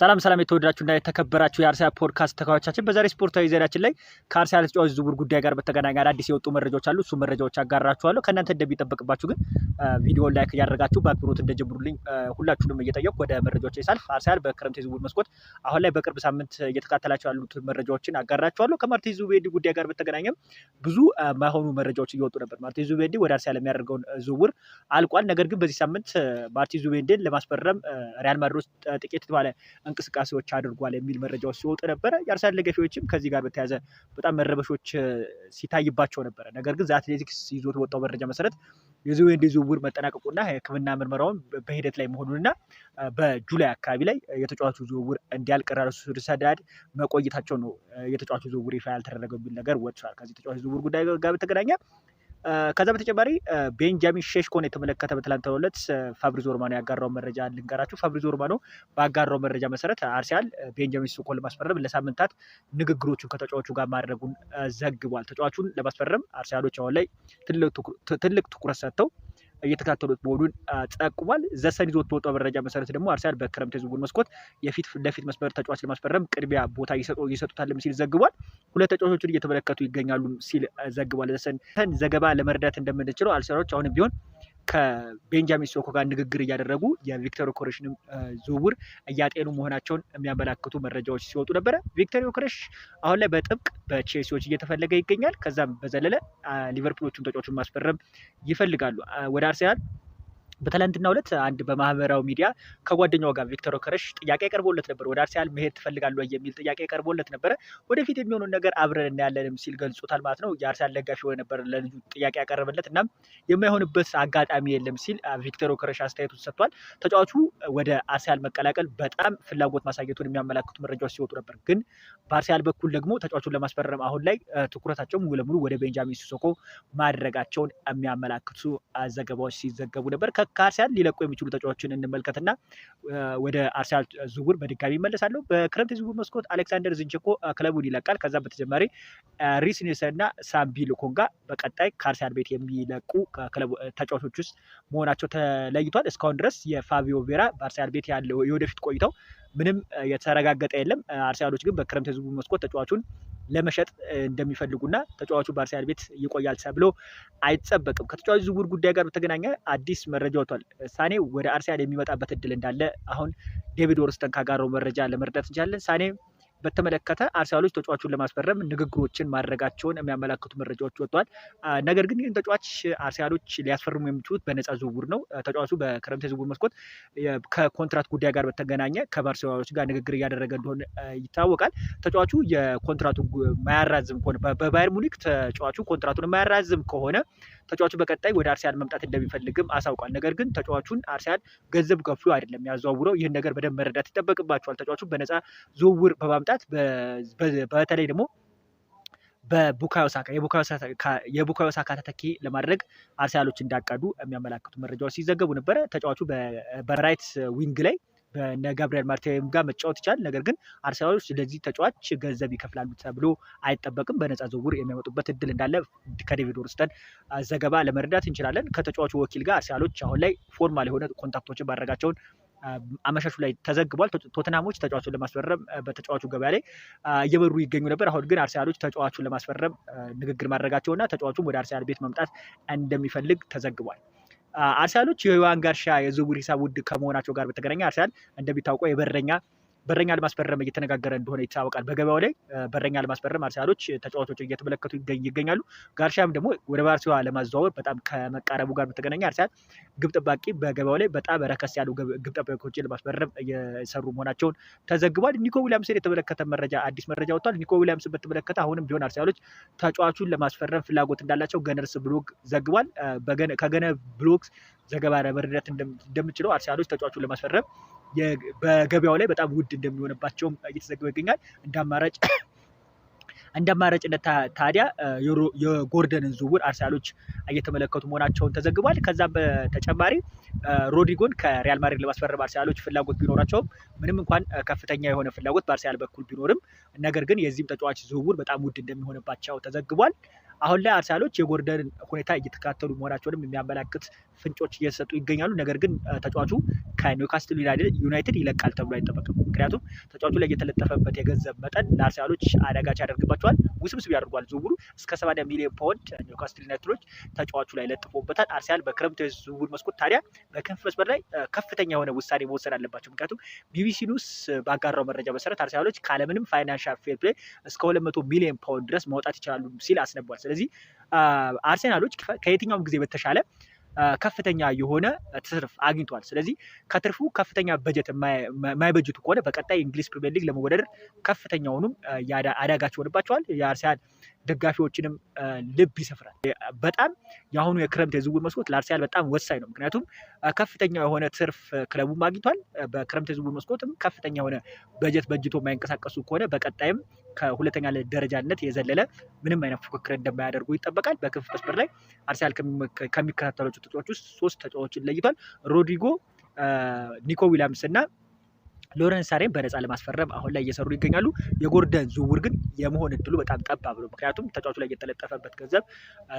ሰላም ሰላም እና የተከበራችሁ የአርሰናል ፖድካስት ተካዮቻችን በዛሬ ስፖርታዊ ዜናችን ላይ ከአርሰናል ተጫዋች ዝውውር ጉዳይ ጋር በተገናኘ አዳዲስ የወጡ መረጃዎች አሉ። እሱ መረጃዎች አጋራችኋለሁ። ከእናንተ እንደሚጠበቅባችሁ ግን ቪዲዮ ላይክ እያደረጋችሁ በአክብሮት እንደጀምሩልኝ ሁላችሁንም እየጠየቁ ወደ መረጃዎች ሳልፍ አርሰናል በክረምት የዝውውር መስኮት አሁን ላይ በቅርብ ሳምንት እየተካተላቸው ያሉት መረጃዎችን አጋራችኋለሁ። ከማርቲን ዙቤንዲ ጉዳይ ጋር በተገናኘም ብዙ ማይሆኑ መረጃዎች እየወጡ ነበር። ማርቲን ዙቤንዲ ወደ አርሰናል የሚያደርገውን ዝውውር አልቋል። ነገር ግን በዚህ ሳምንት ማርቲን ዙቤንዲን ለማስፈረም ሪያል ማድሪድ ጥቂት ባለ እንቅስቃሴዎች አድርጓል የሚል መረጃዎች ሲወጡ ነበረ። የአርሰናል ደጋፊዎችም ከዚህ ጋር በተያያዘ በጣም መረበሾች ሲታይባቸው ነበረ። ነገር ግን ዘአትሌቲክስ ይዞት ወጣው መረጃ መሰረት የዚዌንዲ ዝውውር መጠናቀቁና ሕክምና ምርመራውን በሂደት ላይ መሆኑንና በጁላይ አካባቢ ላይ የተጫዋቹ ዝውውር እንዲያልቅ ራሱ ሰዳድ መቆየታቸው ነው የተጫዋቹ ዝውውር ይፋ ያልተደረገው የሚል ነገር ወጥቷል። ከዚህ ተጫዋቹ ዝውውር ጉዳይ ጋር በተገናኘ ከዛ በተጨማሪ ቤንጃሚን ሼሽኮን የተመለከተ በትላንትናው ዕለት ፋብሪዞ ሮማኖ ያጋራው መረጃ ልንገራችሁ። ፋብሪዞ ሮማኖ ባጋራው መረጃ መሰረት አርሰናል ቤንጃሚን ሼሽኮን ለማስፈረም ለሳምንታት ንግግሮቹን ከተጫዋቹ ጋር ማድረጉን ዘግቧል። ተጫዋቹን ለማስፈረም አርሰናሎች አሁን ላይ ትልቅ ትኩረት ሰጥተው እየተከታተሉት መሆኑን ጠቁሟል። ዘሰን ይዞት በወጣው መረጃ መሰረት ደግሞ አርሰናል በክረምት የዝውውር መስኮት የፊት ለፊት መስመር ተጫዋች ለማስፈረም ቅድሚያ ቦታ ይሰጡታል ሲል ዘግቧል። ሁለት ተጫዋቾችን እየተመለከቱ ይገኛሉ ሲል ዘግቧል። ዘሰን ዘገባ ለመረዳት እንደምንችለው አርሰናሎች አሁንም ቢሆን ከቤንጃሚን ሶኮ ጋር ንግግር እያደረጉ የቪክተር ዮከሬሽንም ዝውውር እያጤኑ መሆናቸውን የሚያመላክቱ መረጃዎች ሲወጡ ነበረ። ቪክተር ዮከሬሽ አሁን ላይ በጥብቅ በቼልሲዎች እየተፈለገ ይገኛል። ከዛም በዘለለ ሊቨርፑሎቹን ተጫዋቹን ማስፈረም ይፈልጋሉ። ወደ አርሴናል በትላንትናው ሁለት አንድ በማህበራዊ ሚዲያ ከጓደኛው ጋር ቪክተር ኦከረሽ ጥያቄ ቀርቦለት ነበር። ወደ አርሰናል መሄድ ትፈልጋለ የሚል ጥያቄ ቀርቦለት ነበረ። ወደፊት የሚሆኑን ነገር አብረን እናያለንም ሲል ገልጾታል ማለት ነው። የአርሰናል ደጋፊ የሆነ ነበር ለልጁ ጥያቄ ያቀረበለት። እናም የማይሆንበት አጋጣሚ የለም ሲል ቪክተር ኦከረሽ አስተያየቱን ሰጥቷል። ተጫዋቹ ወደ አርሰናል መቀላቀል በጣም ፍላጎት ማሳየቱን የሚያመላክቱ መረጃዎች ሲወጡ ነበር። ግን በአርሰናል በኩል ደግሞ ተጫዋቹን ለማስፈረም አሁን ላይ ትኩረታቸው ሙሉ ለሙሉ ወደ ቤንጃሚን ሲሶኮ ማድረጋቸውን የሚያመላክቱ ዘገባዎች ሲዘገቡ ነበር። ከአርሰናል ሊለቁ የሚችሉ ተጫዋቾችን እንመልከትና ወደ አርሰናል ዝውውር በድጋሚ ይመለሳሉ። በክረምት ዝውውር መስኮት አሌክሳንደር ዝንቼኮ ክለቡን ይለቃል። ከዛ በተጨማሪ ሪስ ኔልሰን እና ሳምቢ ሉኮንጋ በቀጣይ ከአርሰናል ቤት የሚለቁ ተጫዋቾች ውስጥ መሆናቸው ተለይቷል። እስካሁን ድረስ የፋቢዮ ቬራ በአርሰናል ቤት ያለው የወደፊት ቆይተው ምንም የተረጋገጠ የለም። አርሰናሎች ግን በክረምት የዝውውር መስኮት ተጫዋቹን ለመሸጥ እንደሚፈልጉና ተጫዋቹ በአርሰናል ቤት ይቆያል ተብሎ አይጠበቅም። ከተጫዋቹ ዝውውር ጉዳይ ጋር በተገናኘ አዲስ መረጃ ወጥቷል። ሳኔ ወደ አርሰናል የሚመጣበት እድል እንዳለ አሁን ዴቪድ ወርስተን ካጋረው መረጃ ለመረዳት እንችላለን። ሳኔ በተመለከተ አርሰናሎች ተጫዋቹን ለማስፈረም ንግግሮችን ማድረጋቸውን የሚያመላክቱ መረጃዎች ወጥተዋል። ነገር ግን ይህን ተጫዋች አርሰናሎች ሊያስፈርሙ የሚችሉት በነፃ ዝውውር ነው። ተጫዋቹ በክረምት የዝውውር መስኮት ከኮንትራት ጉዳይ ጋር በተገናኘ ከባርሴሎናዎች ጋር ንግግር እያደረገ እንደሆነ ይታወቃል። ተጫዋቹ የኮንትራቱ ማያራዝም ከሆነ በባየር ሙኒክ ተጫዋቹ ኮንትራቱን የማያራዝም ከሆነ ተጫዋቹ በቀጣይ ወደ አርሰናል መምጣት እንደሚፈልግም አሳውቋል። ነገር ግን ተጫዋቹን አርሰናል ገንዘብ ከፍሎ አይደለም ያዘዋውረው። ይህን ነገር በደንብ መረዳት ይጠበቅባቸዋል። ተጫዋቹ በነፃ ዝውውር በማምጣት በተለይ ደግሞ በቡካዮ ሳካ የቡካዮ ሳካ ተተኪ ለማድረግ አርሰናሎች እንዳቀዱ የሚያመላክቱ መረጃዎች ሲዘገቡ ነበረ። ተጫዋቹ በራይት ዊንግ ላይ በነ ገብርኤል ጋር መጫወት ይቻላል። ነገር ግን አርሰናሎች ለዚህ ተጫዋች ገንዘብ ይከፍላሉ ተብሎ አይጠበቅም። በነፃ ዝውውር የሚያመጡበት እድል እንዳለ ከዴቪድ ወርስተን ዘገባ ለመረዳት እንችላለን። ከተጫዋቹ ወኪል ጋር አርሰናሎች አሁን ላይ ፎርማል የሆነ ኮንታክቶችን ማድረጋቸውን አመሻሹ ላይ ተዘግቧል። ቶተናሞች ተጫዋቹን ለማስፈረም በተጫዋቹ ገበያ ላይ እየበሩ ይገኙ ነበር። አሁን ግን አርሰናሎች ተጫዋቹን ለማስፈረም ንግግር ማድረጋቸውና ተጫዋቹም ወደ አርሰናል ቤት መምጣት እንደሚፈልግ ተዘግቧል። አርሰናሎች ጋርሻ የዝውውር ሂሳብ ውድ ከመሆናቸው ጋር በተገናኘ አርሰናል እንደሚታወቀው የበረኛ በረኛ ለማስፈረም እየተነጋገረ እንደሆነ ይታወቃል። በገበያው ላይ በረኛ ለማስፈረም አርሰናሎች ተጫዋቾች እየተመለከቱ ይገኛሉ። ጋርሻም ደግሞ ወደ ባርሲዋ ለማዘዋወር በጣም ከመቃረቡ ጋር በተገናኘ አርሰናል ግብ ጠባቂ በገበያው ላይ በጣም ረከስ ያሉ ግብ ጠባቂዎችን ለማስፈረም እየሰሩ መሆናቸውን ተዘግቧል። ኒኮ ዊሊያምስን የተመለከተ መረጃ አዲስ መረጃ ወጥቷል። ኒኮ ዊሊያምስን በተመለከተ አሁንም ቢሆን አርሰናሎች ተጫዋቹን ለማስፈረም ፍላጎት እንዳላቸው ገነርስ ብሎግ ዘግቧል። ከገነ ብሎግ ዘገባ መረዳት እንደምችለው አርሰናሎች ተጫዋቹን ለማስፈረም በገበያው ላይ በጣም ውድ እንደሚሆንባቸውም እየተዘገበ ይገኛል። እንደ አማራጭ እንደ አማራጭነት ታዲያ የጎርደንን ዝውውር አርሰናሎች እየተመለከቱ መሆናቸውን ተዘግቧል። ከዛም በተጨማሪ ሮድሪጎን ከሪያል ማድሪድ ለማስፈረም አርሰናሎች ፍላጎት ቢኖራቸውም ምንም እንኳን ከፍተኛ የሆነ ፍላጎት በአርሰናል በኩል ቢኖርም ነገር ግን የዚህም ተጫዋች ዝውውር በጣም ውድ እንደሚሆንባቸው ተዘግቧል። አሁን ላይ አርሰናሎች የጎርደርን ሁኔታ እየተከታተሉ መሆናቸውንም የሚያመላክት ፍንጮች እየተሰጡ ይገኛሉ። ነገር ግን ተጫዋቹ ከኒውካስትል ዩናይትድ ይለቃል ተብሎ አይጠበቅም። ምክንያቱም ተጫዋቹ ላይ የተለጠፈበት የገንዘብ መጠን ለአርሰናሎች አዳጋች ያደርግባቸዋል። ውስብስብ ያደርጓል። ዝውውሩ እስከ 80 ሚሊዮን ፓውንድ ኒውካስትል ዩናይትዶች ተጫዋቹ ላይ ለጥፎበታል። አርሰናል በክረምት ዝውውር መስኮት ታዲያ በክንፍ መስመር ላይ ከፍተኛ የሆነ ውሳኔ መወሰድ አለባቸው። ምክንያቱም ቢቢሲ ኒውስ ባጋራው መረጃ መሰረት አርሰናሎች ካለምንም ፋይናንሻል ፌር ፕሌይ እስከ 200 ሚሊዮን ፓውንድ ድረስ ማውጣት ይችላሉ ሲል አስነቧል። ስለዚህ አርሴናሎች ከየትኛውም ጊዜ በተሻለ ከፍተኛ የሆነ ትርፍ አግኝቷል። ስለዚህ ከትርፉ ከፍተኛ በጀት ማይበጅቱ ከሆነ በቀጣይ እንግሊዝ ፕሪሚየር ሊግ ለመወዳደር ከፍተኛውንም አዳጋች ይሆንባቸዋል። የአርሰናል ደጋፊዎችንም ልብ ይሰፍራል። በጣም የአሁኑ የክረምት የዝውውር መስኮት ለአርሰናል በጣም ወሳኝ ነው። ምክንያቱም ከፍተኛ የሆነ ትርፍ ክለቡ አግኝቷል። በክረምት የዝውውር መስኮትም ከፍተኛ የሆነ በጀት በጅቶ የማይንቀሳቀሱ ከሆነ በቀጣይም ከሁለተኛ ደረጃነት የዘለለ ምንም አይነት ፉክክር እንደማያደርጉ ይጠበቃል። በክንፍ መስመር ላይ አርሰናል ከሚከታተሏቸው ተጫዋቾች ውስጥ ሶስት ተጫዋቾችን ለይቷል። ሮድሪጎ፣ ኒኮ ዊሊያምስ እና ሎረንስ ሳሬን በነፃ ለማስፈረም አሁን ላይ እየሰሩ ይገኛሉ። የጎርደን ዝውውር ግን የመሆን እድሉ በጣም ጠባብ ነው። ምክንያቱም ተጫዋቹ ላይ የተለጠፈበት ገንዘብ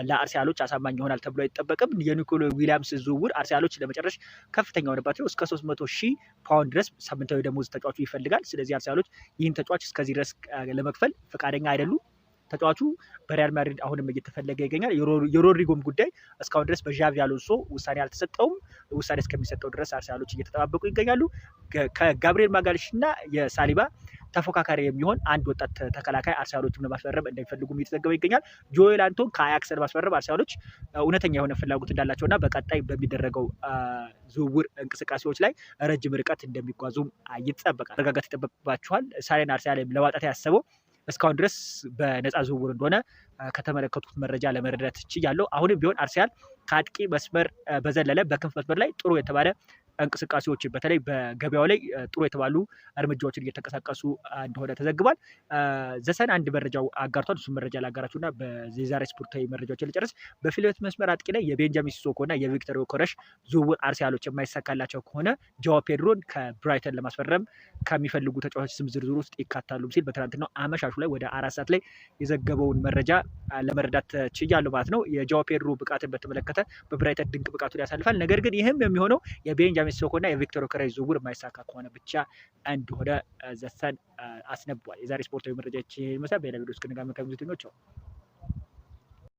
ለአርሰናሎች አሳማኝ ይሆናል ተብሎ አይጠበቅም። የኒኮሎ ዊሊያምስ ዝውውር አርሰናሎች ለመጨረሻ ከፍተኛ ሆነባቸው እስከ 300 ሺህ ፓውንድ ድረስ ሳምንታዊ ደሞዝ ተጫዋቹ ይፈልጋል። ስለዚህ አርሰናሎች ይህን ተጫዋች እስከዚህ ድረስ ለመክፈል ፈቃደኛ አይደሉም። ተጫዋቹ በሪያል ማድሪድ አሁንም እየተፈለገ ይገኛል። የሮድሪጎም ጉዳይ እስካሁን ድረስ በዣቪ አሎንሶ ውሳኔ አልተሰጠውም። ውሳኔ እስከሚሰጠው ድረስ አርሰናሎች እየተጠባበቁ ይገኛሉ። ከጋብሪኤል ማጋልሽ እና የሳሊባ ተፎካካሪ የሚሆን አንድ ወጣት ተከላካይ አርሰናሎችም ለማስፈረም እንደሚፈልጉም እየተዘገበ ይገኛል። ጆኤል አንቶን ከአያክስ ለማስፈረም አርሰናሎች እውነተኛ የሆነ ፍላጎት እንዳላቸው እና በቀጣይ በሚደረገው ዝውውር እንቅስቃሴዎች ላይ ረጅም ርቀት እንደሚጓዙም ይጠበቃል። መረጋጋት ይጠበቅባቸዋል። ሳሌን አርሰናል ለማጣት ያሰበው እስካሁን ድረስ በነፃ ዝውውር እንደሆነ ከተመለከቱት መረጃ ለመረዳት ችያለሁ። አሁንም ቢሆን አርሰናል ከአጥቂ መስመር በዘለለ በክንፍ መስመር ላይ ጥሩ የተባለ እንቅስቃሴዎች በተለይ በገበያው ላይ ጥሩ የተባሉ እርምጃዎችን እየተንቀሳቀሱ እንደሆነ ተዘግቧል። ዘሰን አንድ መረጃው አጋርቷል። እሱም መረጃ ላጋራችሁ እና በዛሬ ስፖርታዊ መረጃዎችን ልጨርስ። በፊልበት መስመር አጥቂ ላይ የቤንጃሚን ሲሶኮ እና የቪክተር ኮረሽ ዝውውር አርሰናሎች የማይሳካላቸው ከሆነ ጃዋ ፔድሮን ከብራይተን ለማስፈረም ከሚፈልጉ ተጫዋቾች ስም ዝርዝር ውስጥ ይካታሉ ሲል በትናንትናው አመሻሹ ላይ ወደ አራት ሰዓት ላይ የዘገበውን መረጃ ለመረዳት ችያለሁ ማለት ነው። የጃዋ ፔድሮ ብቃትን በተመለከተ በብራይተን ድንቅ ብቃቱን ያሳልፋል። ነገር ግን ይህም የሚሆነው የቤንጃ የጃሜስ ሶኮና የቪክቶር ዮከሬስ ዝውውር የማይሳካ ከሆነ ብቻ እንደሆነ ዘሰን አስነቧል። የዛሬ ስፖርታዊ መረጃችን መሳ በሌላ ቪዲዮ እስክንጋመ ከብዙ ትኞች